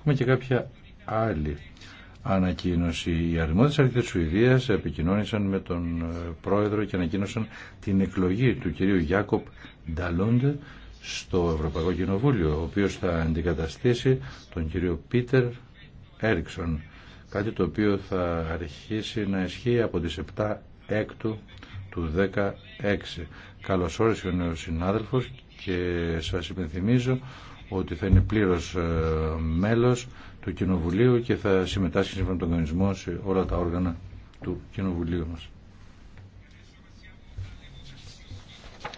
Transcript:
Έχουμε και κάποια άλλη ανακοίνωση. Οι αρμόδιες αρχές της Σουηδίας επικοινώνησαν με τον ε, πρόεδρο και ανακοίνωσαν την εκλογή του κυρίου Γιάκοπ Νταλούντε στο Ευρωπαϊκό Κοινοβούλιο, ο οποίος θα αντικαταστήσει τον κύριο Πίτερ Έριξον, κάτι το οποίο θα αρχίσει να ισχύει από τις 7 έκτου του 16. Καλώς όρισε ο νέος συνάδελφος και σας υπενθυμίζω ότι θα είναι πλήρως ε, μέλος του Κοινοβουλίου και θα συμμετάσχει σύμφωνα με τον κανονισμό σε όλα τα όργανα του Κοινοβουλίου μας.